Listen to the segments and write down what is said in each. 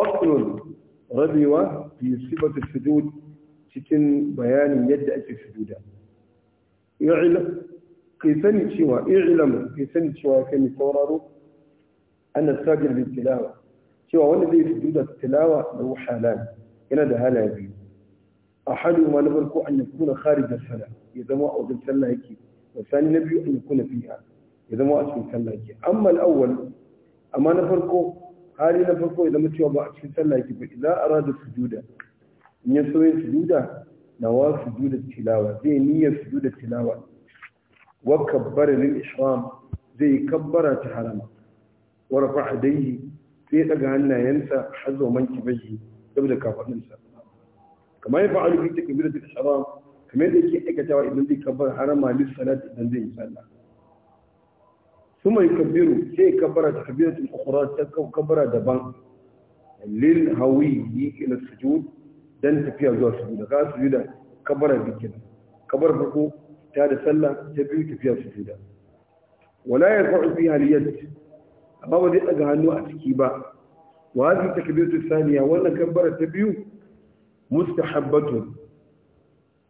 فصل ربيوة في صفة السجود تتن بيان يد أتي السجودة يعلم في شوى اعلم في شوى كم يتورر أن الساجر بالتلاوة شوى وانا دي سجودة التلاوة لو حالان إنا ده هلا يبي أحد ما نبركو أن يكون خارج الصلاة إذا ما أعوذ الكلا هكي وثاني نبي أن يكون فيها إذا ما أعوذ الكلا هكي أما الأول أما نبركو hali na farko idan mutum ba a cikin sallah yake ba idan arada sujuda in ya so yin sujuda nawa sujuda tilawa zai niyya sujuda tilawa wa kabbara lil ihram zai kabbara ta harama wa rafa dai sai daga hannayensa har zo manki bashi saboda kafadinsa kamar ya fa'alu bi takbiratul ihram kamar yake aikatawa idan zai kabbara harama lil salati idan zai yi sallah ثم يكبروا سي كبر تكبيرة أخرى كبر دبا للهوي إلى السجود دان فيها زوا سجود قال سجود كبر بكنا كبر بكو تاد سلة تبيو فيها سجود ولا يرفع فيها اليد أما وذي أجهنو أتكيبا وهذه التكبيرة الثانية ولا كبر تبيو مستحبة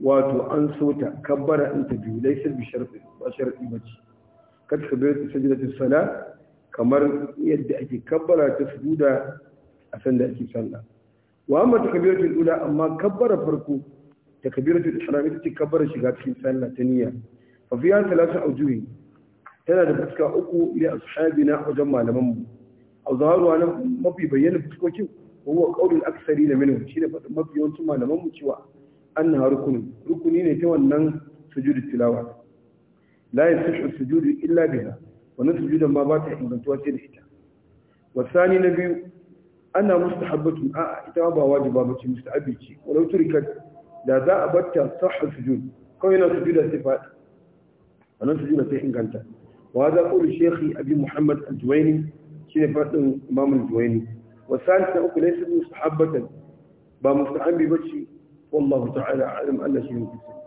واتو أنسوتا كبر أنت بيو ليس بشرط بشرط بشي kad kabiratu sajdatu sala kamar yadda ake kabbara ta sujuda a da ake sallah wa amma takbiratul ula amma kabbara farko takbiratul ihram ita ce kabbara shiga cikin sallah ta niyya fa fiya salatu awjuhi tana da fuska uku li ashabina wajen malaman mu a zaruwa na mafi bayyana fuskokin huwa qaulul aksari na minhu shine mafi yawancin malaman mu cewa annaha rukuni rukuni ne ta wannan sujudul tilawa لا يصح السجود إلا بها ونصف جدا ما باتح إن كنت واسير والثاني نبي أنا مستحبة آه، إتابة واجبة بك مستعبك ولو تركت لا ذا صح السجود كونها سجود صفات أنا سجود السيح إن كنت وهذا قول الشيخ أبي محمد الدويني شيخ فاتن إمام الجويني والثالثة أقول ليس مستحبة بمستحبي بك والله تعالى أعلم أن شيء في السجود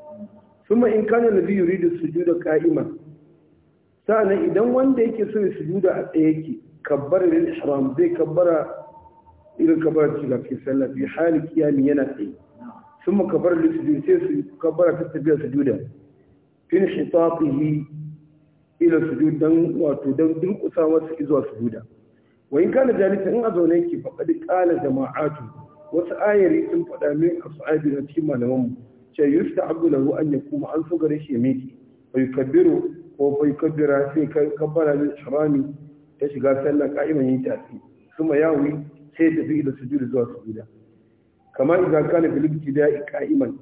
kuma in kana nabi yuridu sujuda qa'ima sa'an idan wanda yake so sujuda a tsaye yake kabbara lil ihram zai kabbara irin kabbara ce da ke sallah bi hali kiyami yana tsaye kuma kabbara lil sujud sai su kabbara ta tafiya sujuda in shitatihi ila sujud dan wato dan durkusa wasu zuwa sujuda wa in kana jalisa in a zaune yake faqad qala jama'atu wasu ayari sun faɗa min ashabi na cikin malamanmu ce yustahabbu ruwa an kuma an so gare shi miki bai kabiru ko bai kabira sai kabbara ne ihrami ta shiga sallah ka'iman yin tafi kuma yawi sai tafi su sujudi zuwa sujuda kamar idan kana fil ibtida'i ka'iman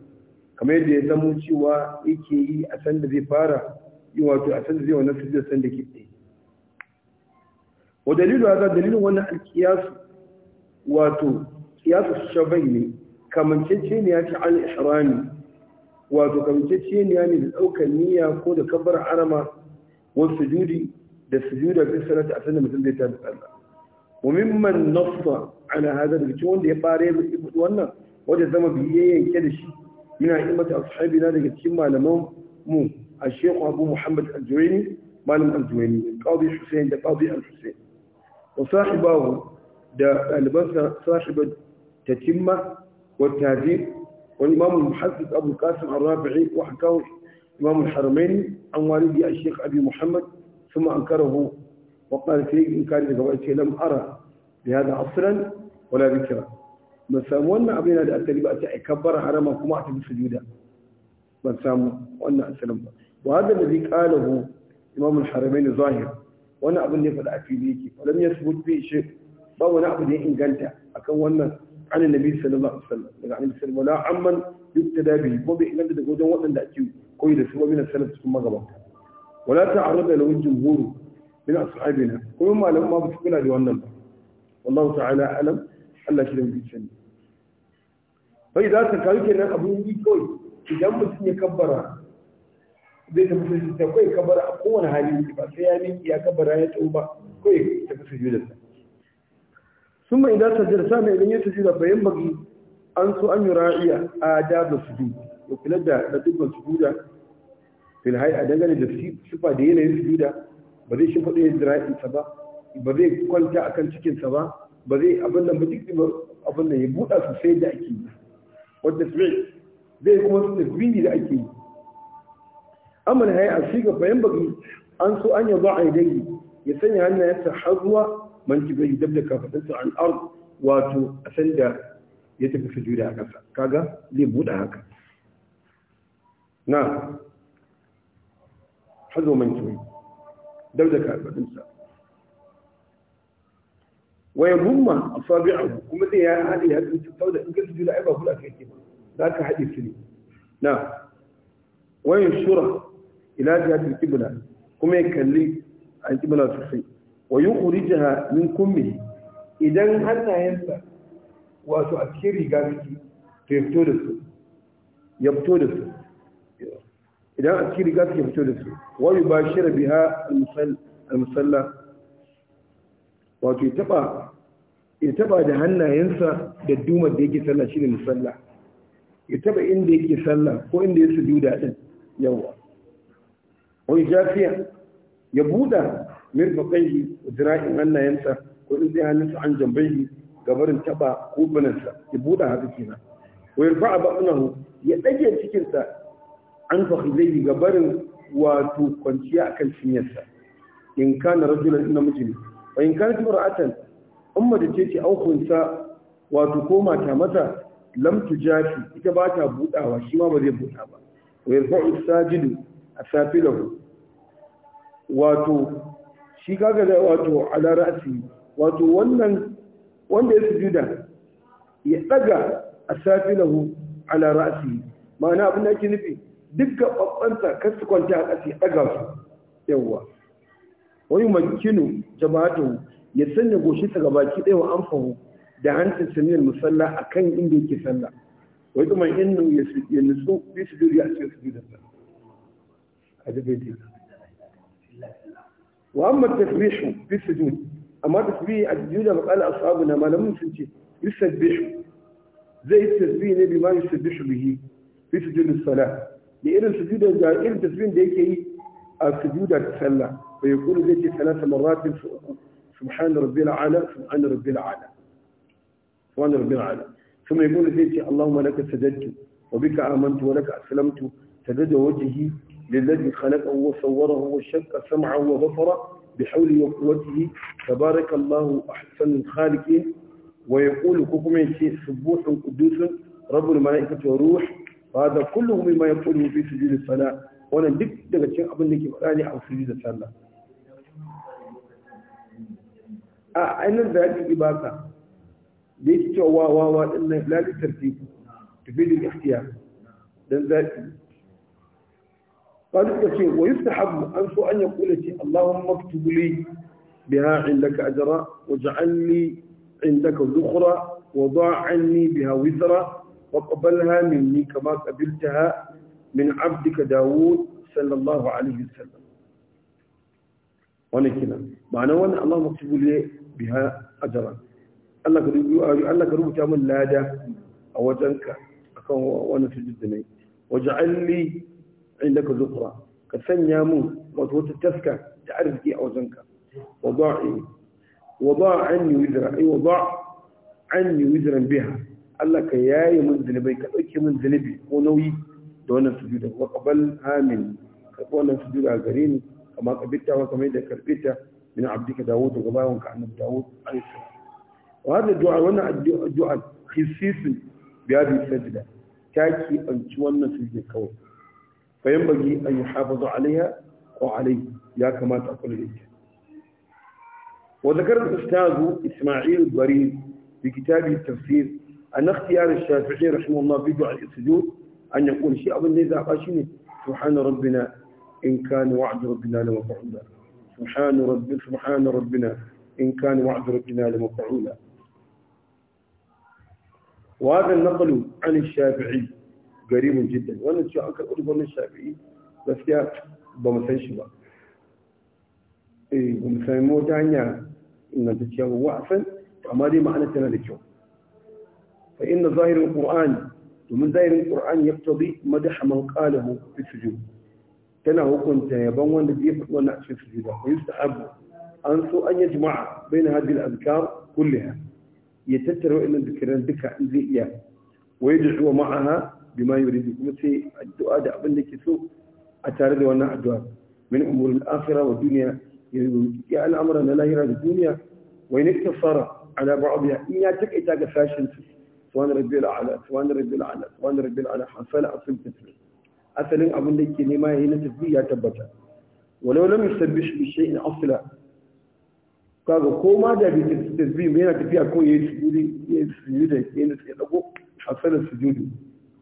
kamar yadda ya zamo cewa yake yi a san da zai fara yi wato a san da zai wannan sujudi san da ke tsaye wa dalilu hada dalilin wannan alqiyas wato qiyas shabai ne kamancece ne ya ci al ihrami wato kamce ce ne da ɗaukar niyya ko da kabbar arama wasu sujudi da sujuda bi salati a sanda mutum zai tafi Allah wa mimman nassa ala hada da cikin wanda ya fare mai mutu wannan wanda zama biye yanke da shi ina yi mata ashabi na daga cikin malaman mu a Sheikh abu muhammad al juwayni malam al juwayni qadi Hussein da qadi al hussein wa sahibahu da ɗalibansa sahibar tatimma wa tazib والإمام المحدث أبو القاسم الرابعي وحكاه إمام الحرمين عن والدي الشيخ أبي محمد ثم أنكره وقال إن كان لقبائته لم أرى بهذا أصلا ولا ذكرا من سامو أن أبينا لأتلباء تأكبر إيه حرما كما أعطي السجودة من سامو أسلم وهذا الذي قاله إمام الحرمين ظاهر وأنا أبني فلا أفيديك ولم يثبت به شيء فهو نعبد إن قلت أكون an annabi sallallahu alaihi wasallam daga annabi sallallahu alaihi wasallam amman yuktada bihi ko bai inganta daga wajen waɗanda ake koyi da su ba min salaf cikin magabata wala ta'arrada lahu a min ashabina kuma malamu ma ba su kula da wannan ba wallahu ta'ala alam Allah shi da mu sani bai za ta kawo kenan abun yi kawai idan mutum ya kabbara kawai kabbara a kowane hali ba sai ya miƙi ya ba kawai ثم إذا سجد سامع إذن يسجد فينبغي أن أن يراعي آداب السجود وكل ده لدب السجود في الهيئة دنجل الجسيب شفا دينا يسجد بذي شفا دينا يزرائي سبا بذي كل جاء كان شكين سبا بذي أبنى مدك أبنى يبوء سسيد دا أكي والتسبيع ذي يكون تسبيني دا أكي أما الهيئة السيقة فينبغي أن أن يضع يديه يسني أن يتحضوا mankibai dab da kafaɗinsa an arz wato a sanda ya tafi sujuda a ƙasa kaga zai buɗe haka na hazo mankibai dab da kafaɗinsa waya gumma a sabi'ahu kuma zai ya haɗe ya tsinci sau da in ka sujuda ai ba kula ka yake ba za ka haɗe su ne na waya shura ila jihatul kibla kuma ya kalli an kibla sosai wa yukhrijaha min kummi idan hannayensa wato a cikin riga miki to ya fito da su ya fito da su idan a cikin riga ya fito da su wa yubashira biha al-musalla wato ya taba ya taba da hannayensa da dumar da yake sallah shine musalla ya taba inda yake sallah ko inda ya sujuda din yawa wani jafiya ya buda kai, mirfaqaihi wannan hannayensa ko in zai hannunsa an jambaihi gabarin taba kubanansa ya buɗa haka kenan wa yarfa'a ba'unahu ya ɗage cikinsa an fakhidaihi gabarin wato kwanciya akan cinyarsa in kana rajulan inna ne. wa in kana imra'atan umma da ce ce aukunsa wato ko mata mata lam tujafi ita ba ta budawa shi ma ba zai buda ba wa yarfa'u sajidu asafilahu wato shi kaga da wato ala ra'si wato wannan wanda ya sujuda ya daga asafilahu ala ra'si ma'ana abin da yake nufi dukkan babbanta kar su kwanta a ƙasa ya daga su yawa wani makinu jama'atu ya sanya goshi ta gabaki ɗaya wa amfahu da hancin saniyar musalla akan inda yake salla. wai kuma innu ya nutsu su sujudi a cikin sujudin sa a jibe وأما التسبيح في السجود أما تسبيح السجود قال أصحابنا ما لم نسجد يسبح زي التسبيح نبي ما يسبح به في سجود الصلاة لأن سجود الجاهل التسبيح ده كي السجود اتسلى فيقول زي ثلاث مرات سبحان ربي الأعلى سبحان ربي الأعلى سبحان ربي الأعلى ثم يقول زي اللهم لك سجدت وبك آمنت ولك أسلمت سجد وجهي للذي خلقه وصوره وشك سمعه وغفره بحوله وقوته تبارك الله أحسن الخالقين ويقول كفم شيء سبوح قدوس رب الملائكة وروح هذا كله مما يقوله في سجود الصلاة وانا دك دك شيء قبل نكي فلاني أو سجود الصلاة انا آه، ذلك إباكا ليس جواه واواد إلا لا لترتيب تفيد الاختيار ذلك قالوا كثير ويستحب أنف أن يقول شيء اللهم اكتب لي بها عندك أجرا واجعل لي عندك ذخرا وضع عني بها وزرا وقبلها مني كما قبلتها من عبدك داوود صلى الله عليه وسلم wani معنى ma'ana اللهم اكتب لي بها أجرا ajran Allah ka rubuta Allah ka rubuta min lada a wajenka akan عندك ذكرى كسن يامو موت وتتفكى تعرف كي أو زنكا وضع إيه؟ وضع عني وزرا أي وضع عني وزرا بها الله كي يا من ذنبيك أي كي من ذنبي ونوي دون سجود وقبل آمن كبونا سجود عقرين كما قبيت وكما إذا كربيت من عبدك داوود وغباه كأن داوود عليه السلام وهذا الدعاء وانا الدعاء خصيص بهذه السجدة تاكي أنت وانا سجد كوي فينبغي أن يحافظ عليها وعليه يا كما تقول لك وذكر الأستاذ إسماعيل بريد في كتابه التفسير أن اختيار الشافعي رحمه الله في دعاء السجود أن يقول شيء أبن إذا أقاشني سبحان ربنا إن كان وعد ربنا لمفعولا سبحان رب سبحان ربنا إن كان وعد ربنا لمفعولا وهذا النقل عن الشافعي غريب جدا وانا شو عنك الأردن الشعبي بس يا بمسان شبا اي بمسان مو جانيا ان تتشاو وعفن اما دي معنى تنا لكو فإن ظاهر القرآن ومن ظاهر القرآن يقتضي مدح من قاله في السجود تنا هو كنت يبون بيه فتوانا في السجود ويستحب أنسو أن يجمع بين هذه الأذكار كلها يتترو إلى ذكرين بك عندي إياه ويدعو معها bima yuridu kuma sai addu'a da abin da ke so a tare da wannan addu'a min umurul akhirah wa dunya ya al'amura na lahira da duniya wa in iktasara ala ba'dha in ya takaita ga fashion su subhan rabbil ala subhan rabbil ala subhan rabbil ala hasala asul tasbih asalin abin da ke nema yayin tafi ya tabbata walau lam yusabbih bi shay'in asla kaga ko ma da bi tafi yana tafiya ko yayi sujudi yayi sujudi yayi dago hasala sujudi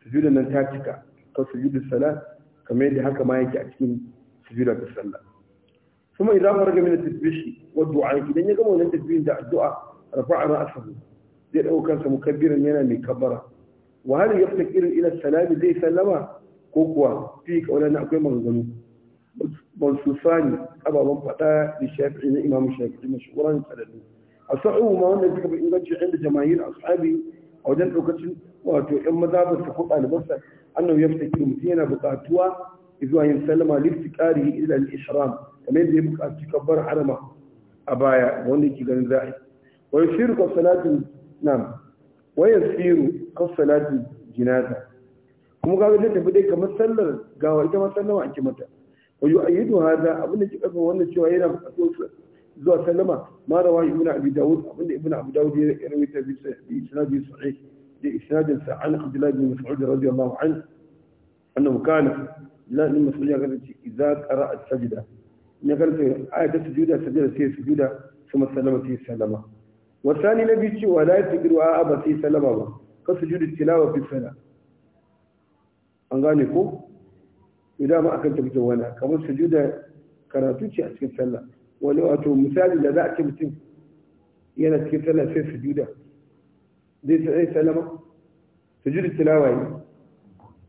sujudan nan ta cika ta sujudu salat kamar yadda haka ma yake a cikin sujuda da sallah kuma idan fara ga min tasbihi wa du'a idan ya gama wannan tafiye da addu'a rafa'a ra'sahu zai dauka kansa mukabbiran yana mai kabbara wa hal yaftakir ila salami zai sallama ko kuwa fi kaulan akwai maganganu sani ababan fada da shafi'i na imam shafi'i mashhuran a asahu ma wannan suka bi inganci inda jama'ir ashabi a wajen lokacin wato yan ba su ko ɗalibansa annan ya fita mutum yana buƙatuwa zuwa yin lifti ƙari, ila al ishram kamar da ya buƙaci kabbar harama a baya wanda yake ganin yi. wani yusiru kan salatin nan, wani yusiru kan salatin jinata kuma ga wajen tafi dai kamar sallar gawa ita ma sallama ake mata wa ayyudu haza, abin da ke ƙasa wannan cewa yana buƙatuwa zuwa sallama ma rawa ibn abi daud abinda ibn abi daud ya rawaita bi isnadi sahih da isnadin sa an abdullah bin mas'ud radiyallahu anhu annahu kana la ibn mas'ud ya ce idza qara'a as-sajda ne karanta ta sujuda sajda sai sujuda kuma sallama sai sallama wa tani nabi ci wa la tadiru a aba sai sallama ba ka sujudu tilawa fi sala an gane ko idan ma akan tafi wani kamar sujuda karatu ce a cikin sallah wani wato misali da za a ce mutum yana cikin sallah sai sujuda zai sai sallama sujudu tilawa ne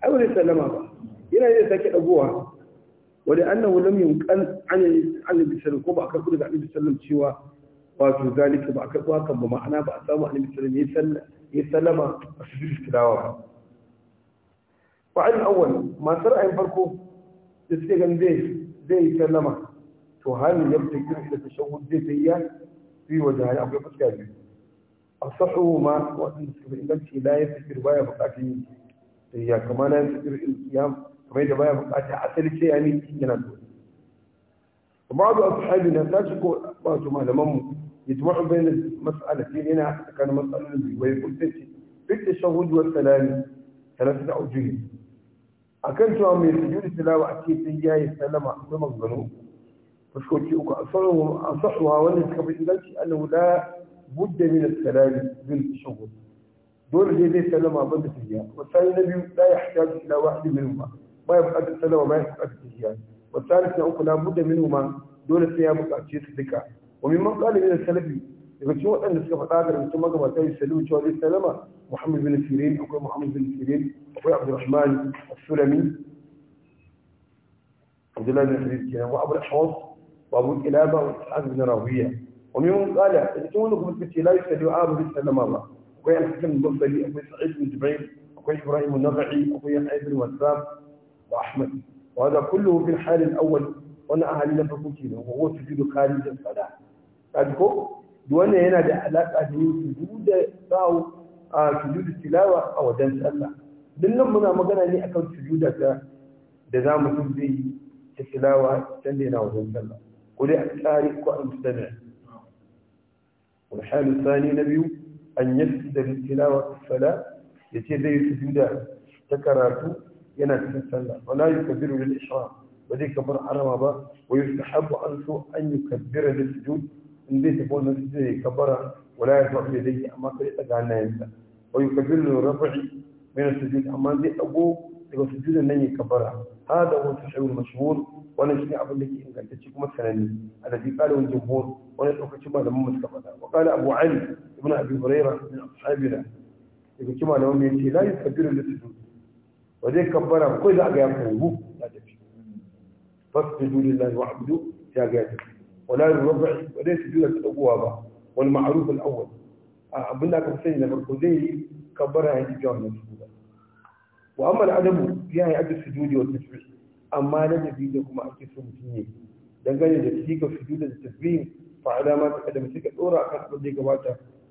ai wani sallama ba yana yin sake dagowa wanda annahu lam yunqal an annabi sallallahu ko ba aka kudu da annabi sallallahu cewa wato zalika ba aka kudu hakan ba ma'ana ba a samu annabi sallallahu alaihi ya sallama a sujudu tilawa ba fa'al awwal ma sar'ayin farko da suke gan zai zai sallama تو هل يبدأ رحلة تشوه ذاتية في وجهها أبو يبدأ كاجي أصحوا ما هو أن نسكب إنسي لا يبدأ رواية بقاتي هي كما لا يبدأ الإنسيام كما يبدأ رواية بقاتي أسأل شيء يعني إنسينا نعم. دول وبعض أصحابنا تاشقوا أبوات ما لمم يتوحوا بين المسألة هنا كان مسألة لبي ويقول تشي في التشهد والسلام ثلاثة أوجه أكنت أمير سجود التلاوة أكيد هي يسلم أحمد مظلوم فشكوتي أصحها أصحها وأنا كبير إنك أنه لا بد من الكلام بالشغل دور جديد سلم أبدا فيها والثاني النبي لا يحتاج إلى واحد منهما ما يبقى السلام وما يبقى السجيان والثالث نقول لا بد منهما دور الثياب الأشيط الذكاء ومن قال من السلبي إذا شو أن السلف قادر من ثم قبل تاني سلوي شو هذه محمد بن سيرين أو محمد بن سيرين أو عبد الرحمن السلمي عبد الله بن سيرين كذا وأبو الحوص وابو كلابه واسحاق بن راهويه ومنهم قال اتونكم التي لا يستدعي ابو بن سلم الله وكان الحكم المصري ابو سعيد بن جبريل وكان ابراهيم النبعي وكان يحيى بن وسام واحمد وهذا كله في الحال الاول وانا اهالينا فكوتينا وهو سجود خارج الصلاه تعرفوا دوانا هنا ده علاقه بين سجود أو آه، سجود التلاوه او دان الله dinnan muna magana لي أكون sujuda دزام da التلاوة mu zai الله ولأقارب المستمع والحال الثاني نبي أن يسجد للتلاوة في الصلاة يتيدي سجودا تكراته ينام في الصلاة ولا يكبر للإشراق كبر على عربة ويستحب أنه أن يكبر للسجود إن ليس بول مسجد كبر ولا يرفع يديه أما كريتك عن ويكبر للرفع من السجود أما ذي أبوه daga sujudin nan ya kabara hada wa tashawul mashhur wannan shine abin da ke ingantacce kuma sananne alladhi qala wal jumhur wannan lokacin malaman suka faɗa wa qala abu ali ibn abi hurairah min ashabina daga cikin malaman mai ce la yukabbiru lisujud wa zai kabbara ko da ga ya kogu ya tafi fasjudu lillahi wa'budu ya ga ya tafi wala yurba wa zai sujuda ta dagowa ba wal ma'ruf al awwal abin da aka sani da farko zai yi kabbara ya tafi wannan sujuda واما الادب يا هي اجل السجود والتسبيح اما الذي في كما اجل السجود دغني ده فيك السجود والتسبيح فعلامات الادب فيك دورا كتب دي كبات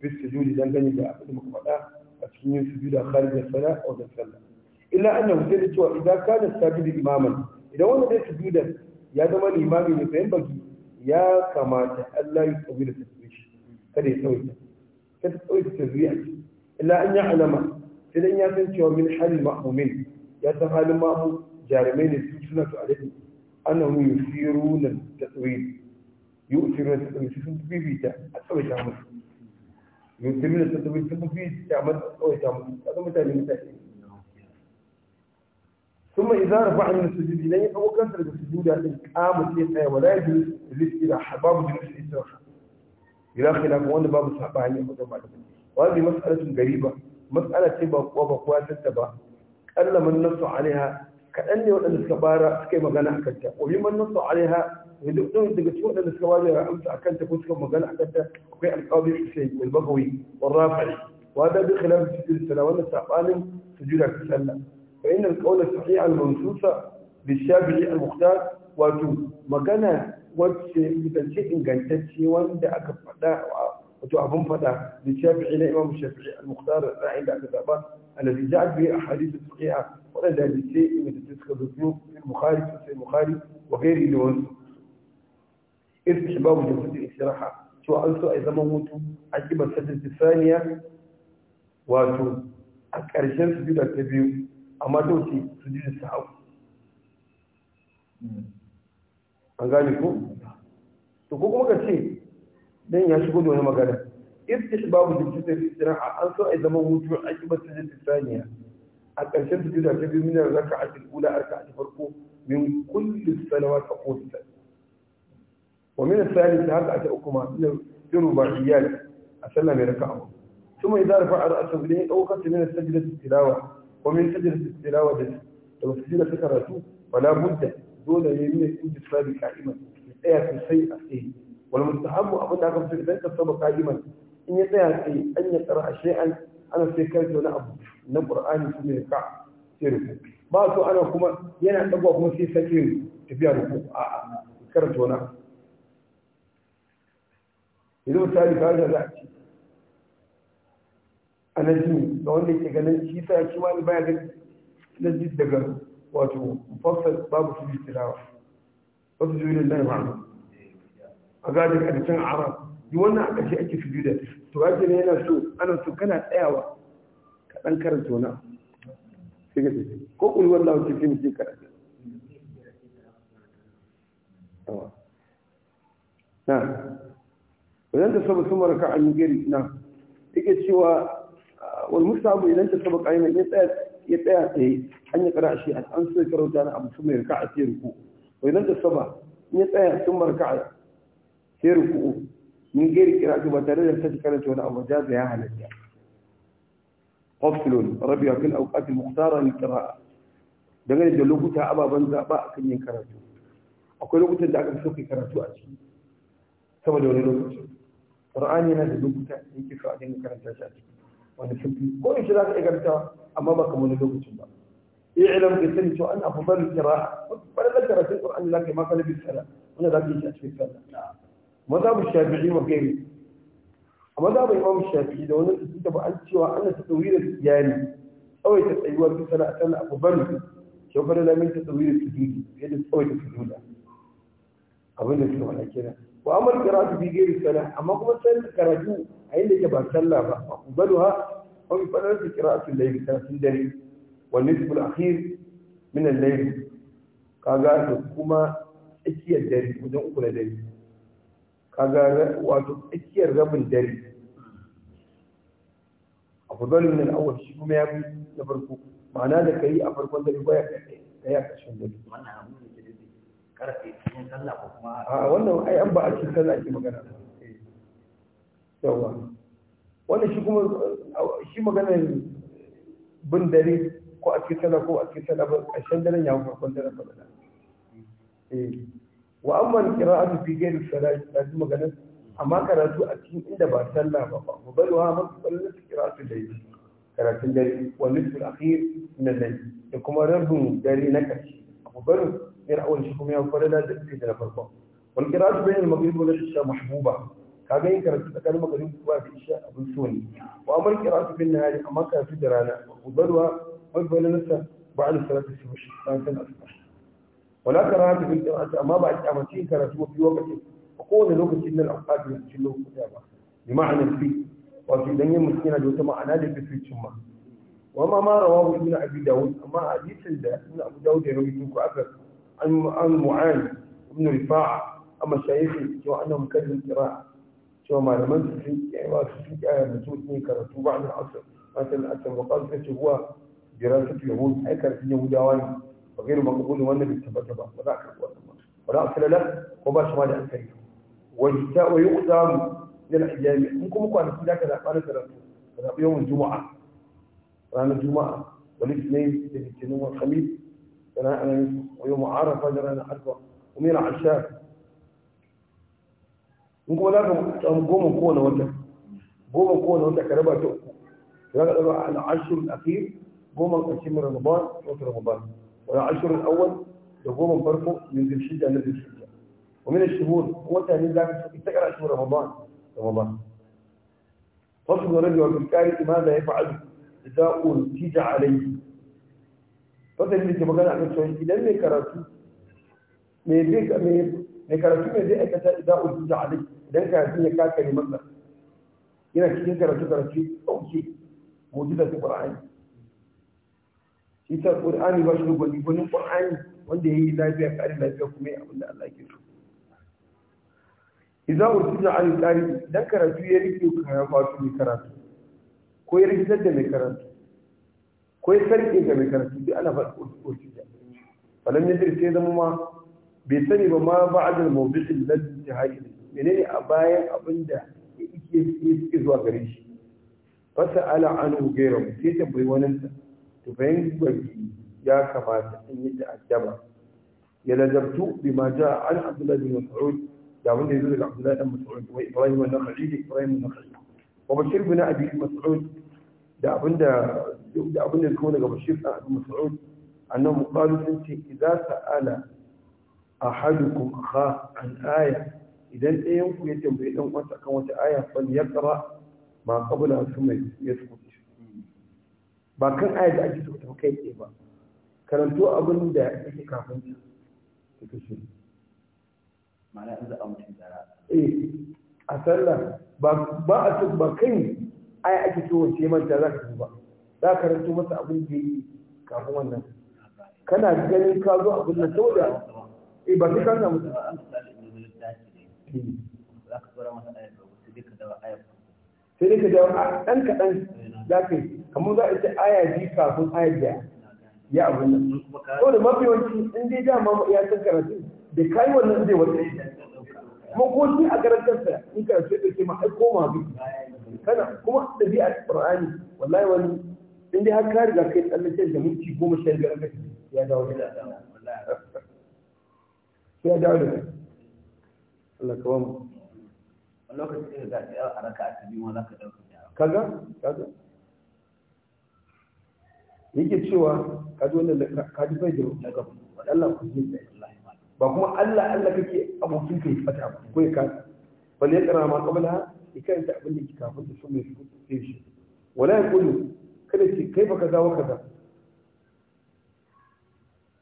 في السجود دغني ده اجل مقبدا اشني السجود خارج الصلاه او الصلاه الا انه جل جوا اذا كان الساجد اماما اذا هو ده سجود يا دم الامام اللي فين يا كما الله يقبل التسبيح كده يسوي كده يسوي الا ان يعلم idan ya san cewa min halin ma'amumin ya san halin ma'amu jarumai ne su suna su alaji annahu yusiruna taswir yusiruna taswir sun bibita a tsawaita musu yusiruna taswir sun bibita a tsawaita musu kaga mutane mutane ثم إذا رفع من السجود إليه فهو كسر السجود القام الشيء ولا يجوز الاستراحة باب جلوس الاستراحة إلى خلاف وأن باب الصحابة عن يأخذ بعد وهذه مسألة قريبة مسألة وبقوات التبا ألا من نص عليها كأني وأن السبارة كيما قال أحكتها وهم نص عليها ودقنون إذا قلت وأن السبارة أمس أحكتها كنت كما قال أحكتها وفي القاضي الحسين والبغوي والرافعي وهذا بخلاف سجود السلام وأن السعبالم سجودها كسلة فإن القول الصحيح المنصوصة بالشابعي المختار واجود ما قال وجه مثل شيء قلتشي وانت أكبر wato abun fada da shafi'i na imam shafi'i al-muqtar ra'ayin da aka zaba alladhi ja'at bihi ahadith sahiha wadanda hadisi da ta suka zuwa fil bukhari sai bukhari wa ghairi da wasu istihbabu da fadi istiraha to an so ai zaman hutu a kibar sadar tsaniya wato a ƙarshen sujuda ta biyu amma ta wuce sujuda sahau an gane ko to ko kuma ka ce dan ya shigo da wani magana istihbabu sujud al-istiraha an so ai zaman hutu a kiba sujud al-thaniya a ƙarshen sujud ta biyu min raka'at al-ula raka'at farko min kulli salawat aqulat wa min al-thalith haka ata ukuma min rubaiyat asalla mai raka'a ثم إذا رفع رأسه إليه أوقف من السجدة التلاوة ومن سجدة التلاوة دل لو سجدة فكرته فلا بد دون يمين يكون جسد قائما إيه في سيء أخيه wal mustahabbu abu da aka fi idan ka saba ka'iman in ya tsaya sai an ya tsara a shay'an ana sai kai wani abu na qur'ani su ne ka sai ruku ba so ana kuma yana dagwa kuma sai sake tafiya ruku a a karanta wani abu idan misali ka ga za a ci a najmi ga wanda ke ganin shi sa shi wani baya ganin najmi daga wato mufassal babu su tilawa wasu juyurin lai ma'ana a gajin ƙarshen arab yi wannan a ƙarshe ake sujuda to ya ne yana so ana so kana tsayawa ka ɗan karanta wani sai ka ko ƙuri wallah wace fi mutum karanta na wajen da saba sun maraka a gari na yake cewa wani musabu idan ta saba ƙayyana ya tsaya ya tsaya tsaye an yi kara shi an sai karauta na abu ka a tsaye ruku wajen da saba ya tsaya sun marka'a sai ruku'u min gairi su ba tare da ta karanta wani abu jaza ya halatta qaflun rabi'a fil awqat al-muqtara lil qira'a dangane da lokuta ababan zaba akan yin karatu akwai lokutan da aka so kai karatu a ciki saboda wani lokaci qur'ani yana da lokuta da yake so a dinga karanta shi a ciki wanda sun fi ko in za ka iya karanta amma ba kamar wani lokacin ba i'lam bi sani to an afdalu qira'a bar da karatun qur'ani zaka ma kana bi sala wanda zaka yi shi a cikin sallah مذهب الشافعي وغيره مذهب الإمام الشافعي لو نسيت أبو أنت وأنا تطوير السياني أو يتسأيوا في سنة سنة أبو بني شو فلا لم يتطوير السجود في هذا أو يتسجود أبو أنت سنة على كده وأما القراءة في غير السنة أما قم سنة كراجو عند جبا سلا فأقبلها أو يفعل في قراءة الليل سنة سندري والنسب الأخير من الليل كاغاز وكما اشياء الدري ودون أقول الدري kaga wato tsakiyar rabin dare a fuzalin nan awar shi kuma ya fi na farko ma'ana da kai a farkon dare ba ya kai a ƙarshen dare a wannan ai an ba a cikin sallah magana yawa wannan shi kuma shi maganar bin dare ko a cikin sallah ko a cikin sallah ba ƙarshen daren ya fi farkon daren ba da eh wa amma qira'atu fi ghayri salati ta ji magana amma karatu a cikin inda ba sallah ba ba mu bari wa ma sallatu qira'atu layl karatun dare wa nisfu al-akhir min al-layl da kuma rabin dare na kashi mu bari ne awal shi kuma ya fara da dake da farko wal qira'atu bayna al-maghrib wa al-isha mahbuba kaga yin karatu tsakanin maghrib wa isha abin so ne wa amma qira'atu bin nahari amma karatu da rana mu bari wa mabalin nasa ba'da salati subh bayan sallah ولكن راتب في الجامعه ما بعد تعمل كانت في وقت وقول لوك ان الاوقات اللي تشلوا كتابه بمعنى في وفي دنيا مسكينه جوت معنا دي في تشما وما ما رواه ابن ابي داود اما حديث دا ابن ابو داود يروي يعني تلك اكثر عن عن معاذ بن رفاعه اما شايف جو انهم كذب القراءه شو ما لمن في يعني ما في ايه بتوتني كرتوا بعد العصر مثلا العصر وقال هو دراسه اليهود هيكل في اليهود اوائل وغير مقبول وانا بالتبا تبا ولا اكرب ولا مر ولا اصل له وما شما لا اسيته ويجتاء ويقدم للحجامي انكم مقوى نفسي لك ذا قانا ترسو ذا يوم الجمعة رانا الجمعة والاثنين تجد تنوم الخميس انا انا ويوم عرفة رانا حرفة ومين عشاء انكم لا تقوم قونا وانت قوم قونا وانت كربا تؤكو لا تقوم العشر الاخير قوم القشم رمضان وانت رمضان والعشر الأول دقوم فرقه من ذي الحجة إلى ذي الحجة ومن الشهور هو تهليل ذاك اتقرأ شهور رمضان رمضان فصل الرجل والمكاري ماذا يفعل إذا أنتج عليه فصل اللي كما كان عمل شوي إذا لم يكرسوا mai karatu mai zai aikata idan إذا أنتج عليه إذا karatu ya kakari masa yana cikin karatu karatu ɗauke موجودة في القرآن ita qur'ani ba shi da gwani wani wanda ya yi lafiya ƙari lafiya kuma ya abinda Allah ke so idza urtija al qari dan karatu ya rike kayan fatu mai karatu ko ya rikitar da mai karatu ko ya sarke ga mai karatu bi ana faɗi urtija falan yadir sai zama ma bai sani ba ma ba'd al mawdi' alladhi tahayyi menene a bayan abinda yake yake zuwa gare shi fasa ala anhu gairu sai tambayi wani ubangiji ya kamata in yi ta'addaba ya ladabtu bima ja'a an abdullahi bin mas'ud da wanda ya zo daga abdullahi bin mas'ud wa ibrahim bin nakhli da ibrahim bin nakhli wa bashir bin abi mas'ud da abinda da abinda kuma daga bashir bin abi mas'ud annahu qalu sunti idza sa'ala ahadukum akha an aya idan ɗayan ku ya tambayi dan uwansa kan wata aya fal yaqra ma qabla thumma yasqut ba kan ayar da ake so kai tsaye ba karanto abin da yake kafin ta take shi ma'ana in za a mutum zara eh a sallah ba a so ba kan aya ake so wace manta za ka ba za ka karanto masa abin da yi kafin wannan kana ganin ka zo abin ta saboda eh ba su kanta mutum sai dai ka dawo ɗan kaɗan eh, za ka yi kamar za a ce aya ji kafin aya biya ya abu nan ko da mafi wanci in dai dama mu ya san karatu da kai wannan zai wata kuma ko shi a karantarsa in karatu ya dauke ma ai koma bi kana kuma da bi a qur'ani wallahi wani in dai har ka riga kai tsallace da minti goma sha biyar ka ya dawo da ya dawo da Allah ka ba mu lokacin da za ka yi a raka a cikin wani ka dauka kaga kaga yake cewa kaji wannan kaji bai da daga Allah ku ji da Allah ba kuma Allah Allah kake abokin kai fata ko ko ka bal ya karama qabla ikan ta abin da ke kafin da sun mai sai shi wala ya kudu kada ce kai baka za wa kaza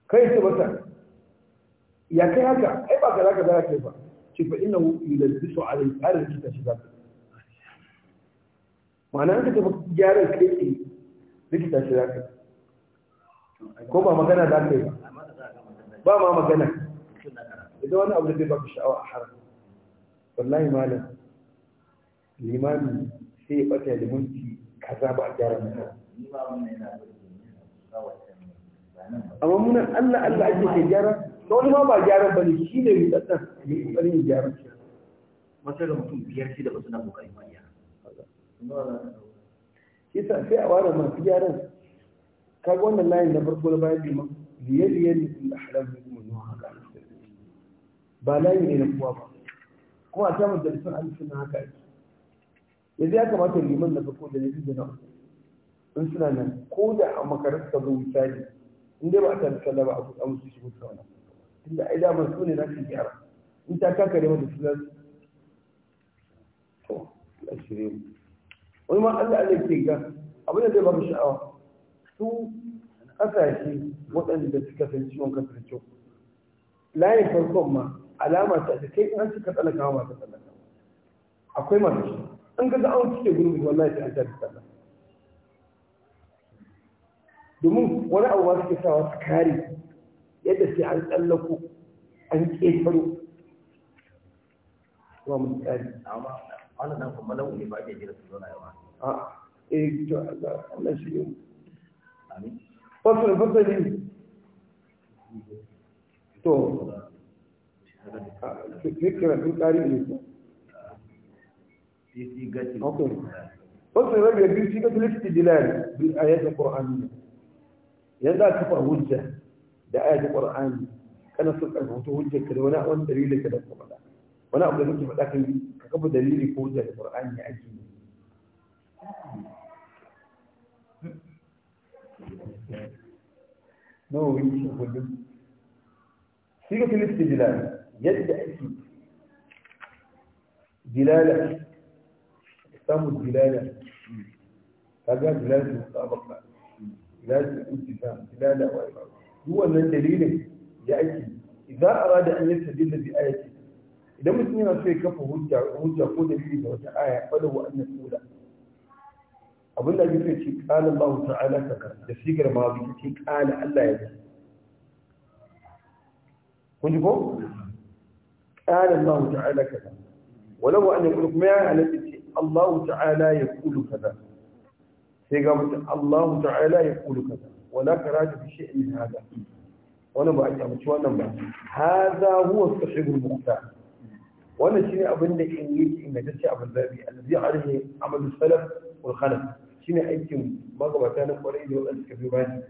kai ce bata ya kai haka ai ba kaza kaza kai ba ce fa innahu yulabbisu alai tsarin ki shi shiga ma'ana an ka tafi gyaran kai ke likita shi zaka ko ba magana za ka yi ba ba ma magana idan wani abu da zai ku sha'awa a haram wallahi malam Limani sai ya bata da kaza ba a gyara masa amma munan Allah Allah ake ke gyara da wani ma ba gyaran ba ne shi ne yi tsatsan mai kokarin yin gyara. shi masu da mutum biyar shi da ba suna kokarin ba gyara shi sai a ware masu gyaran kaga wannan layin na farko na bayan liman liyaliya ne kun da halar da kuma nuna haka ba layi ne na kuwa ba kuma a samun alifin na haka ake yanzu ya kamata liman na farko da na biyu da na uku in suna nan ko da a makarar ka zo misali in dai ba a tarika da ba a kusa musu shi kusa wani tunda ai daman su ne za su gyara in ta kaka da mata su za su to a shirye mu wani ma Allah Allah ke ga abin da zai ba mu sha'awa su ƙasashe waɗanda suka san ciwon kasar ciwon layin farkon ma alama ta da kai an suka tsallaka wa masu tsallaka. akwai masu shi an ga an cike gurbin wallahi ta an da tsalla domin wani abu ba suke sawa su kare yadda sai an tsallako an ƙetaro kuma mun kare amma wannan nan kuma nan ne ba ke jira su zo na yawa a'a eh to Allah shi ne fasul fasali to fikira sun tsari ne ok fasul rabi ya biyu shiga tulisti dilal bin ayatun ƙor'ani yanzu a kafa hujja da ayatun ƙor'ani kana sun ƙarfa wata hujjar ka wani wani dalilin ka da kuma wani abu da kake faɗa kan ka kafa dalili ko hujja da ƙor'ani ake yi دو ويش يقول لهم سيرة الاستدلال يدعي في دلالة اقسام الدلالة هذا دلالة مطابقة دلالة الاتفاق دلالة وإمارة هو أن الدليل يأتي إذا أراد أن يستدل بآية إذا مثلنا في كفه هجة هجة هو دليل وتعالى فله أن نقول abin da yake ce qala Allah ta'ala ka da sigar ma bi ce qala Allah ya ce kun ji ko qala Allah ta'ala ka walau an yakulu kuma ya halatta ce Allah ta'ala ya kulu kaza sai ga mutum Allah ta'ala ya kulu kaza wala karatu fi shay'in hada wannan ba a kyamaci wannan ba haza huwa sahibul muqtar wannan shine abin da in yake ingantacce abin zabi allazi alaihi amalu salaf wal khalaf شنو aikin magabata na kwarai da في suka biyo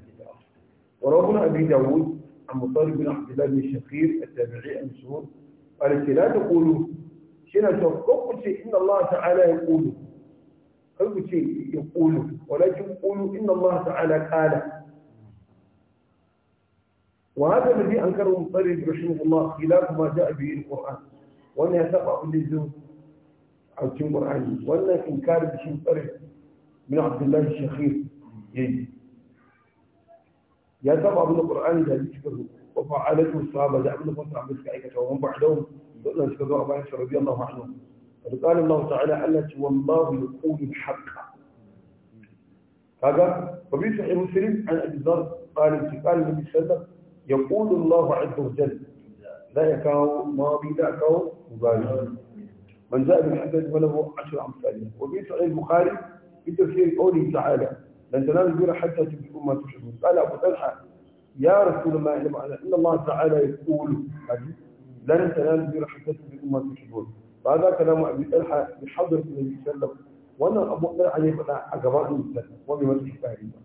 وروى أبي داود عن مطالب بن عبد الله بن الشخير التابعي المشهور قال لا تقولوا شنو تقول إن الله تعالى يقول كل شيء يقول ولكن قولوا إن الله تعالى قال وهذا الذي أنكره المطالب رحمه الله خلاف ما جاء به القرآن وأن يتقع لزوم أو قراني وأن إنكار بشيء مطالب من عبد الله الشخير إيه. يا ترى من القرآن ده يشكره وفعلته الصحابة ده أبنه فصح بسك عيكة وهم بعدهم قلنا سكذوا أبا عيسى رضي الله عنهم قال الله تعالى ألت والله يقول الحق هذا وفي صحيح المسلم عن أبي ذر قال قال النبي صلى يقول الله عز وجل لا يكاو ما لا يكاو مبالغ من جاء بالحدث وله عشر أمثاله صحيح البخاري بتفسير قولي تعالى لن تنالوا البر حتى تنفقوا ما تحبون قال أبو طلحة يا رسول الله إن الله تعالى يقول لن تنالوا البر حتى تنفقوا ما تحبون فهذا كلام أبي طلحة بحضر النبي صلى الله عليه وسلم وأنا أبو طلحة عليه فأنا أجمع المسلم وبمسح تقريبا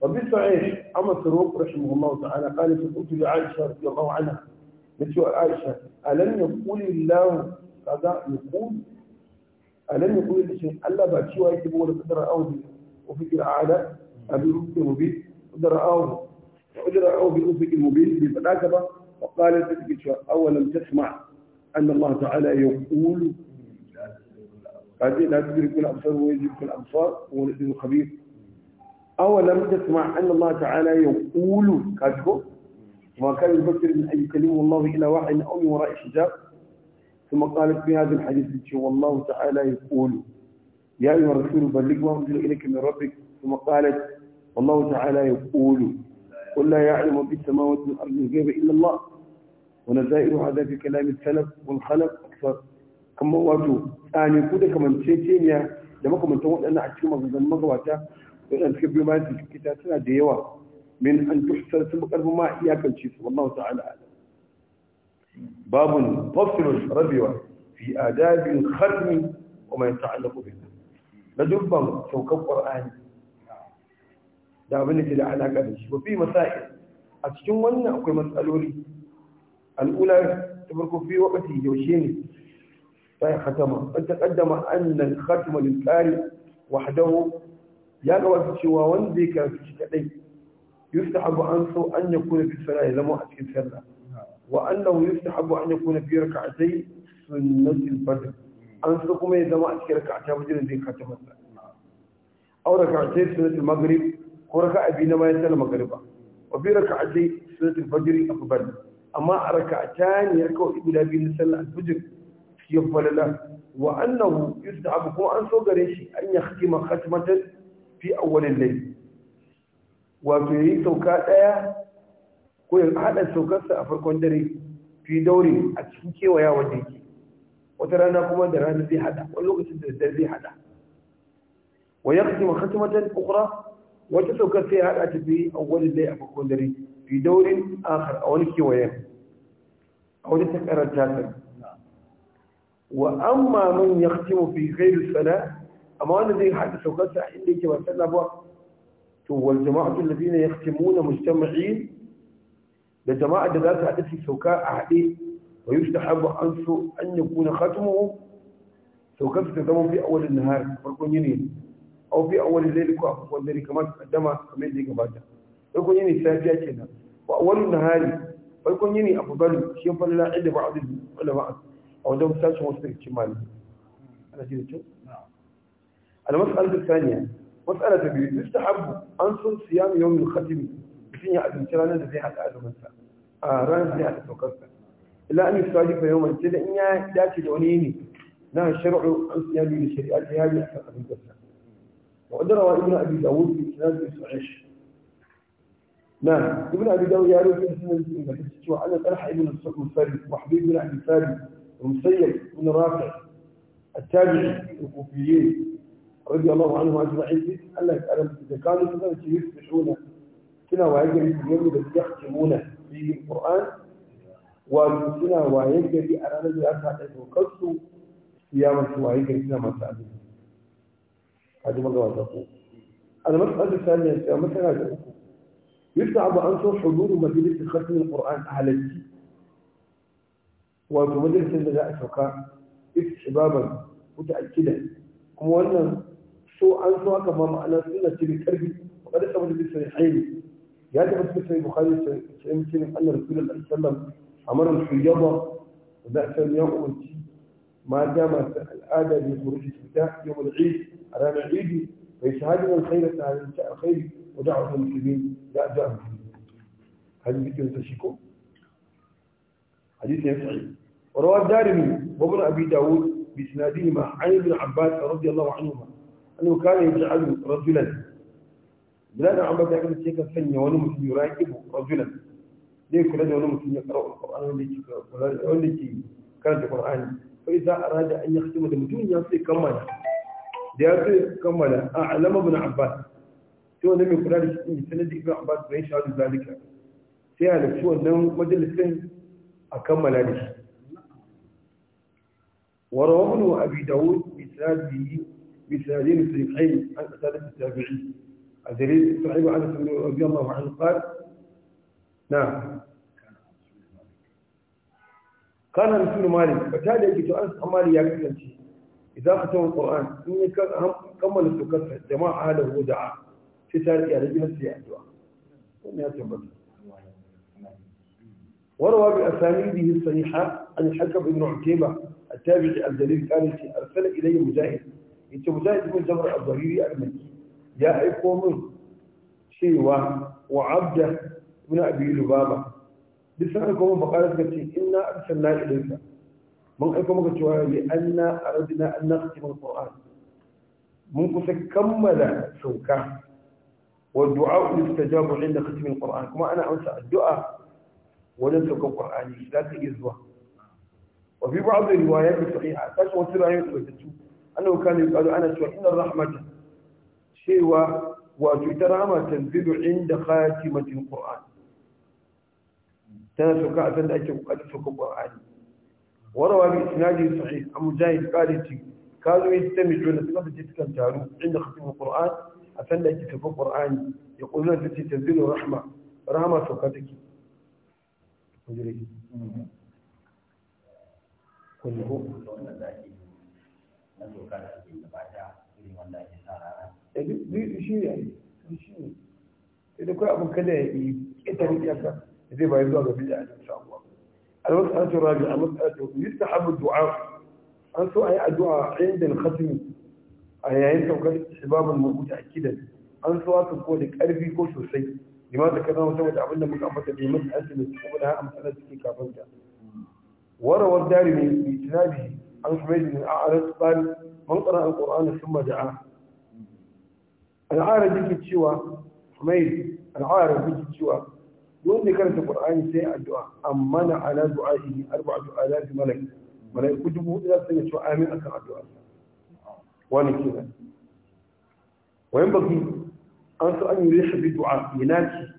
وفي صحيح أما سروق رحمه الله تعالى قال فقلت لعائشة رضي الله عنها قلت عائشة ألم يقول الله كذا يقول ألم يقول لشيء ألا بعد شوى يكتبوا ولا قدر أعوذ وفكر أعلى أبي رفق المبين قدر أعوذ وقدر أعوذ بأفق المبين بالمناسبة وقال تلك شوى أولم تسمع أن الله تعالى يقول هذه لا تدرك الأبصار ويجبك الأبصار ونزل الخبير أولم تسمع أن الله تعالى يقول كاتبه ما كان يفكر من أن يكلمه الله إلى واحد أو من وراء حجاب ثم قالت في هذا الحديث والله تعالى يقول يا أيها الرسول بلغ ما أنزل إليك من ربك ثم قالت والله تعالى يقول قل لا يعلم في السماوات والأرض الغيب إلا الله ونزائر هذا في كلام السلف والخلف أكثر كما واتو ثاني كده كمان تشيتينيا لما كما تقول أنا أشوف مغزن مغواتا وأنا أشوف بما يتكتاتنا ديوا من أن تحصل سبق الماء يا نشيف والله تعالى أعلم باب فصل ربيع في آداب الختم وما يتعلق به لدبا سوق القرآن da abin da ke da alaƙa da shi ba fi masa'il a cikin wannan akwai matsaloli al'ula ta farko fi wakati yaushe ne ta yi khatama an taƙaddama annan khatima lil qari wahdahu ya gabata cewa wanda ya karatu shi kadai yustahabu an so an yakuna fi sala ya zama a cikin sallah وأنه يستحب أن يكون في ركعتي سنة الفجر تقوم إذا ما أتكي ركعتي فجر ذي كتب أو ركعتي سنة المغرب وركع بين ما يسأل المغرب وفي ركعتي سنة الفجر أقبل أما ركعتان يركو إلى بين سنة الفجر يقبل له وأنه يستحب أن أنسو قريشي أن يختم ختمة في أول الليل وفي توكات آية ko ya haɗa saukarsa a farkon dare fi daure a cikin kewaya wanda yake wata rana kuma da rana zai haɗa wani lokacin da daddare zai haɗa wa ya kasima khatimatan ukhra wata saukar sai haɗa ta bi a wani dai a farkon dare fi daurin akhar a wani kewayen a wani takarar tasar wa amma man yakhtimu fi ghayri salat amma wanda zai haɗa saukarsa inda yake ba sallah ba to wal jama'atu alladhina yahtimuna mujtama'in da jama'ar da za su haɗu su sauka a haɗe wa yi ta haɓa an so an yi kuna khatamu saukar su ta zama fi awalin nahar farkon yini au fi awalin laili ko a farkon dare kamar su kaddama kamar yadda ya gabata farkon yini safiya kenan wa awalin nahari farkon yini a fubalu shi ya falla inda ba a wala ba a wajen sashen wasu daga cikin malami ana ji da kyau المسألة الثانية مسألة تبيو يستحب أن صل صيام يوم الختم آه، في abinci ranar da zai haɗa azuminsa a ranar da zai haɗa saukarsa illa an yi suwaji fa yawan sai da in ya dace da wani ne na shar'u an siya biyu da وقد روى ابن ابي داود في سنة سعيش نعم ابن ابي داود يعرف في سناد البخاري عن طلحه ابن المصري وحبيب بن عبد الفاري ومسيب بن رافع التابعي الكوفيين رضي الله عنهم اجمعين الا يتعلم اذا كانوا كذلك يفتحون وجدنا وهجر في اليوم الذي يختمون فيه القران وجدنا وهجر في انا الذي ارفع اسم القدس صياما وهجر فينا ما تعلمون هذه مره واحده اقول انا مساله ثانيه مثلا اقول يستعب انصر حضور مجلس ختم القران على الدين وفي مجلس النجاة الشقاء استحبابا متأكدا كما أن سوء أنسوا كما معنى سنة في التربية وقد أسمى في الصحيحين يا جماعة في البخاري سئم كلم أن رسول الله صلى الله عليه وسلم أمر الحيضة وذاك اليوم وانتي ما دامت الآدى بخروج الفتاة يوم العيد العيد فيشهد من الخير على الخير ودعوة المسلمين لا جاء هل يمكن تشكو حديث يسعي وروى الدارمي وابن أبي داود بإسنادهما عن ابن عباس رضي الله عنهما أنه كان يجعل رجلا بلاد عمر ده كان شيخ فني وانا مسلم يراقب رجلا ليه كده وانا مسلم يقرا القران اللي كان اللي كان في القران فاذا اراد ان يختم المتون يعطي كمان ده يعطي كمان اعلم ابن عباس شو نمي كلاد سند ابن عباس ما يشهد ذلك فعلا شو انه مجلس اكمل عليه ورواه ابن ابي داود بسنده بسنده في الحين عن اسناد التابعين الدليل صحيح أنس رضي الله عنه قال نعم كان رسول مالك فتالي يجي أنس أمالي يا كسنتي إذا ختم القرآن إني كمل السكسة جماعة هذا هو دعاء في تاريخ رجل السياح الدعاء وروى بأسانيده الصحيحة عن الحكم بن عكيمة التابع الدليل قال أرسل إلي مجاهد مجاهد بن جمر الضريري المكي جاءكم سوى وعبد ابن أبي لبابة بسألكم فقالت كتي إنا أرسلنا إليك من أيكم كتوا لأن أردنا أن نختم القرآن من كملا سوكا والدعاء يستجاب عند ختم القرآن كما أنا أنسى الدعاء ولن سوك القرآن لا تئذوا وفي بعض الروايات الصحيحة أنه كان يقول أنا سوى إن الرحمة cewa wato ita rama tanzilu inda khatimatin qur'an tana suka a sanda ake bukatar suka qur'ani warawa bi isnadi sahih an mujahid ta kanu yastami'una suka da cikin taru inda khatimatin qur'an a sanda ake sauka qur'ani yaquluna tace tanzilu rahma rahma suka take kun ko wannan zaki na doka da ake gabata irin wannan shi ne shi ne idan kawai abin kada ya yi ita ne iyaka zai bayan zuwa ga bid'a da sha'awa alwasatu rabi a mas'alatu yustahabu du'a an so ayi addu'a inda al-khatmi a yayin saukar shibabul mawquta akidan an so aka ko da karfi ko sosai lima da kaza wata wata abinda muka ambata bai masa asali ko da amsala take kafin ta warawar darimi bi tinabi an kuma yin a'arat qal man qara al-qur'ana thumma da'a al'arabi ke cewa mai al'arabi ke cewa wanda karanta qur'ani sai addu'a amma na ala du'a'ihi arba'atu alaf malak malaiku dubu hudu za su sanya cewa amin akan addu'a wani kenan wayan baki an so an yi rishi bi du'a yinaci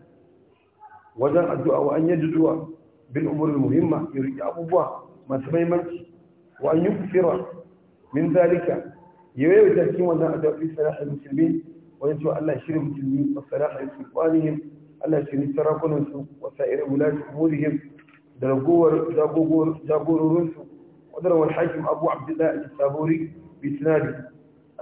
wajen addu'a wa an yaji du'a bil umuril muhimma ya riƙe abubuwa masu mahimmanci wa an yi kufira min zalika yawaita cikin wannan addu'a fi salahin musulmi ويجب الله يشير المسلمين والصلاح لسلطانهم الله يشير سراكنهم وسائر ولاة أمورهم دلقور دابور دابور رنسو ودروا الحاكم أبو عبد الله السابوري بإسناده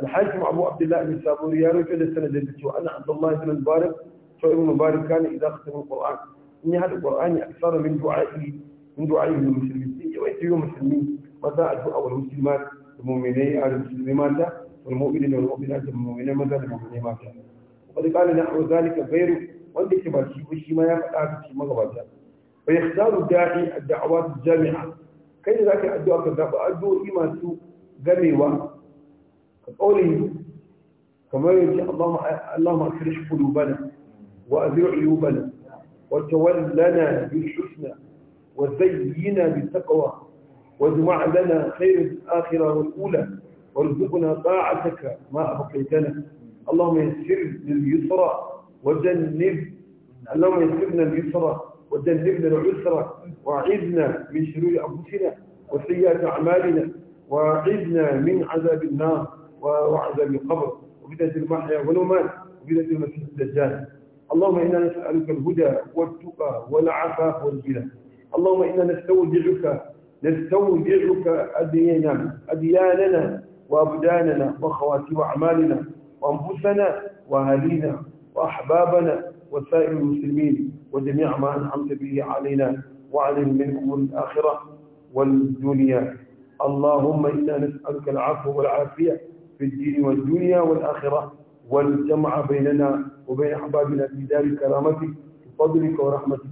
الحاكم أبو عبد الله السابوري يروي في السنة ذلك أنا عبد الله بن المبارك شعب ابن المبارك كان إذا ختم القرآن إن هذا القرآن أكثر من دعائي من دعائي المسلمين وإنت يوم المسلمين وذا الدعاء والمسلمات المؤمنين على المسلمات والمؤمنين والمؤمنات والمؤمنين ما زالوا المؤمنين ما كان وقد قال نحو ذلك غير وانت كباشي وشي ما يفعل آتي في مغبات ويختار الداعي الدعوات الجامعة كيف ذاك أدو كذاب أدو إما سوء جميوة قوله كما يقول الله اللهم أخرج قلوبنا وأذر عيوبنا وتولنا بالحسنى وزينا بالتقوى واجمع لنا خير الآخرة والأولى وارزقنا طاعتك ما أبقيتنا اللهم يسر لليسرى وجنب اللهم يسرنا اليسرى وجنبنا العسرى واعذنا من شرور أنفسنا وسيئات أعمالنا واعذنا من عذاب النار وعذاب القبر وبداية المحيا والممات وبداية المسيح الدجال اللهم إنا نسألك الهدى والتقى والعفاف والجنة اللهم إنا نستودعك نستودعك أدياننا أدياننا وأبداننا وخواتيم أعمالنا وأنفسنا وأهالينا وأحبابنا وسائر المسلمين وجميع ما أنعمت به علينا وعلم منكم الآخرة والدنيا اللهم إنا نسألك العفو والعافية في الدين والدنيا والآخرة والجمع بيننا وبين أحبابنا في دار كرامتك بفضلك ورحمتك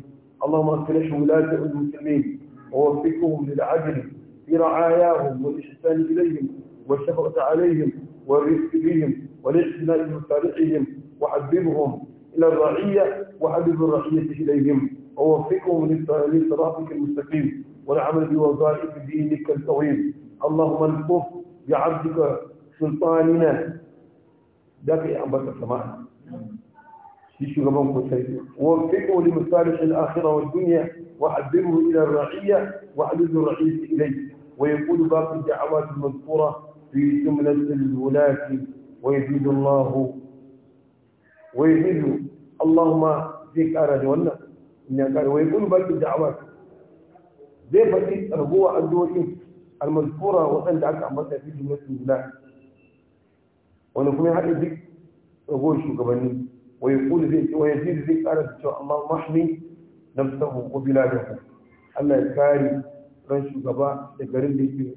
اللهم أغفر ولاة المسلمين ووفقهم للعدل في رعاياهم والإحسان إليهم والشفقة عليهم والرفق بهم والاعتناء بمصالحهم وحببهم إلى الرعية وحبب الرعية إليهم ووفقهم لصراطك المستقيم والعمل بوظائف دينك الطويل اللهم الطف بعبدك سلطاننا ذاك يا أنبت السماء في ووفقه لمصالح الآخرة والدنيا وحببه إلى الرعية وحبب الرعية إليه ويقول باقي الدعوات المذكورة في جملة الولاة ويزيد الله ويزيد اللهم ذيك كارا جوانا إنها كارا ويقول بلد الدعوات زي فتيت ربوة الدوئين المذكورة وأن دعك عمتها في جملة الولاة ونقول هذا الذكر شو شكباني ويقول ذيك ويزيد زي كارا الله محمي نفسه وبلاده الله كاري kare ran shugaba ذيك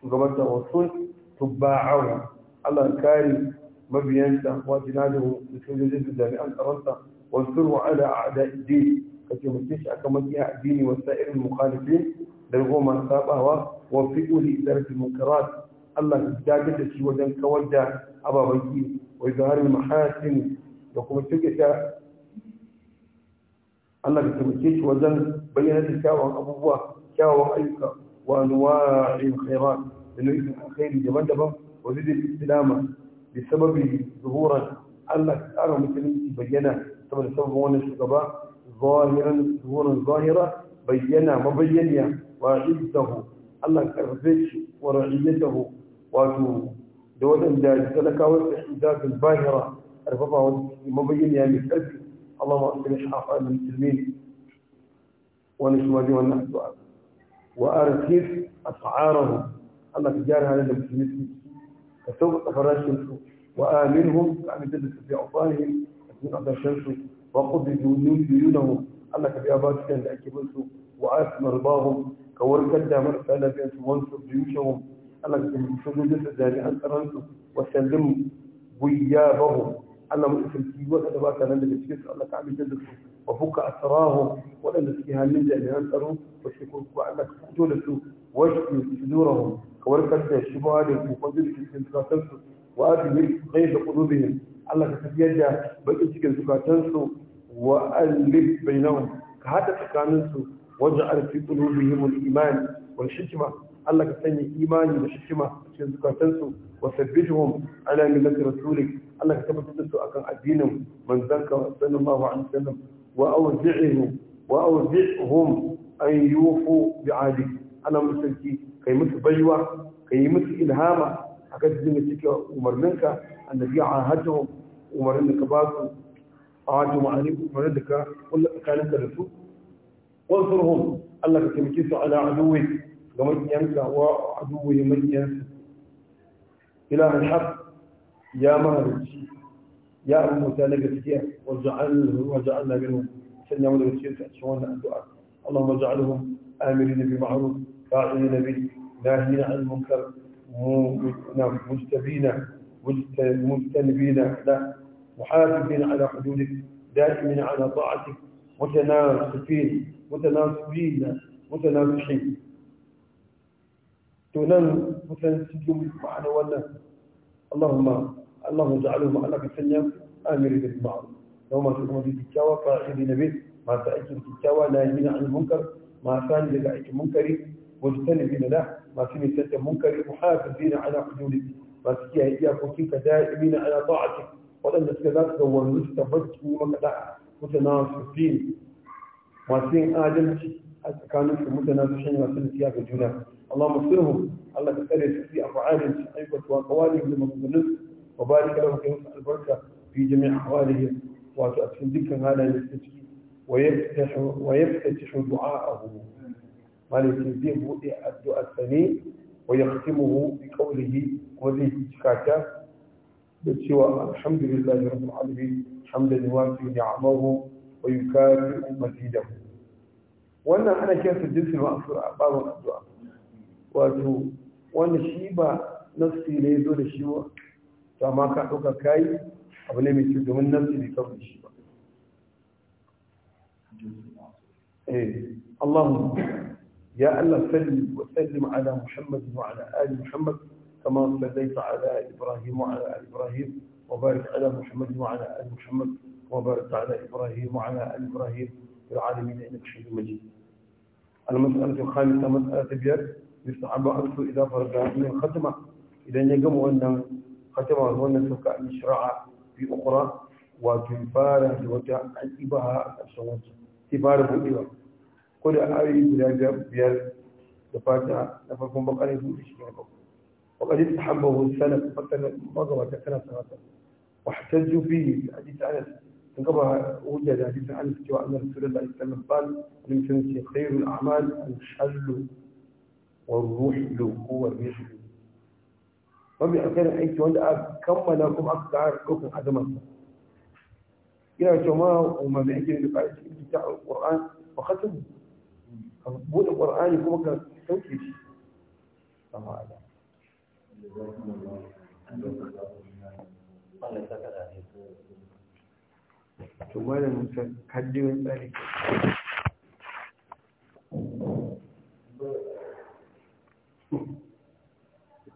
شو da yake tubba'ahu Allah kare mabiyansa wa jinadahu da sojojin da jami'an tsaronsa wa suru ala a'da'i din ka taimake shi akan makiya addini wa sa'irin mukhalifin da goma sabawa wa fi'uli idarati munkarat Allah ya dakatar da shi wajen kawar da ababanki wa izharin mahasin da kuma cikita Allah ya taimake shi wajen bayyana da kyawawan abubuwa kyawawan ayyuka wa anwa'il khairat لنويس الخير جمدبا وزيد الإسلام بسبب ظهورا الله تعالى مثل بينا سبب السبب وانا الشقباء ظاهرا ظهورا ظاهرة بينا مبينيا وعزته الله كرفش ورعيته واتو دولا جاي سلكا والاحتجاج الباهرة الفضاء مبين يعني الفرد اللهم اغفر اشعاف المسلمين ونشواجه الناس وارخص اسعارهم الله تجاري على المسلمين فسوف تفرج الشمس وآمنهم كأن يعني تدرس في أعطائهم تكون أعطى الشمس وقض ديونهم ديونهم الله كفي أباد كان لأكبرس وآس مرضاهم كورك الدامر فألا في أنس وانسر جيوشهم الله كفي أباد كان لأكبرس وآس مرضاهم وسلم ويابهم الله مؤسم كيوة أدباك أنا لأكبرس الله تعالي تدرس وفك أسراهم ولن نسكيها من جاء من أنتروا وشكوك وعلك فجولتوا واشكوا سدورهم كورك أنت يشبوا عليك وفجولك سنتكاتنسوا وآدي ملك غير قلوبهم الله كتبيجا بأنتك سنتكاتنسوا وألب بينهم كهذا تكاننسوا وجعل في قلوبهم الإيمان والشكمة الله كتبيني إيماني وشكمة سنتكاتنسوا وثبتهم على ملة رسولك الله كتبت تنسوا أكان أدينهم من ذكر صلى الله عليه وسلم وأوزعهم وأوزعهم أن يوفوا بعهدك أنا مثلك كي مثل بجوة كي مثل إلهامة أكد أمر منك أن في عاهدهم منك باكو عاهدهم عليك منك قل كانت الرسول وانصرهم الله كتمكيس على عدوه ومن ينسى وعدوه من ينسى إله الحق يا مهرج يا أموتا نبتيا واجعله واجعلنا منهم سنة ونبتيا تأتشون الدعاء اللهم اجعلهم آمرين بمعروف فاعلين به ناهين عن المنكر مجتبين مجتنبين لا محافظين على حدودك دائمين على طاعتك متناسفين متناسبين متناسحين تنم متنسجم معنا والناس اللهم اللهم اجعلهم انك سنيا امر بالمعروف يوم تقوم بالتكاوى قائلين به ما تأتي التكاوى لا يمين عن المنكر ما ثاني لدعيك منكر مجتنبين له ما في نسيت منكر محافظين على حدودك ما تكيه إياك وكيك دائمين على طاعتك ولن نسكذات هو المستبد ومكتع متناصفين ما سين آدم كانوا في متناصفين ما سين سياق الجنة اللهم اغفرهم الله تسأل في أفعالهم أيكة وقوالهم لمن ظننت وبارك لهم في البركة في جميع أحوالهم وأتأتي ذكر هذا يفتتح ويفتح ويفتتح دعاءه مالك الذئب الدعاء الثاني ويختمه بقوله وذي كاكا بسوى الحمد لله رب العالمين حمدا يوافي نعمه ويكافئ مزيده وانا انا كيف الدرس ma'asur بعض الدعاء addu'a وانا wanda نفسي ba nafsi to amma ka ɗauka kayi abu ne mai kyau اللهم يا الله سلم وسلم على محمد وعلى آل محمد كما صليت على إبراهيم وعلى آل إبراهيم وبارك على محمد وعلى آل محمد وبارك على إبراهيم وعلى آل إبراهيم في العالمين إنك حميد مجيد المسألة الخامسة مسألة بير يستحب أرسل إذا فرد من الخدمة إذا يقوم أن ختم wannan suka an shara'a في أخرى wa fara da wata ibaha a ƙarshen wancan sai fara buɗewa ko da في وقد استحبه السلف فكر مضوا كسلف سنة واحتجوا فيه حديث أنس انقبها وجد حديث أنس سوى أن رسول الله صلى الله عليه وسلم قال من خير الأعمال الحل والروح هو الرحل mafi alkhairin aiki wanda aka kammala kuma aka ƙara ɗaukan sa ina cewa ma umar da ake da ƙarshe in ta alƙur'an ba khatin ka buɗe qur'ani kuma ka sauke shi sama ala to malam ka kaje wani tsari Thank you.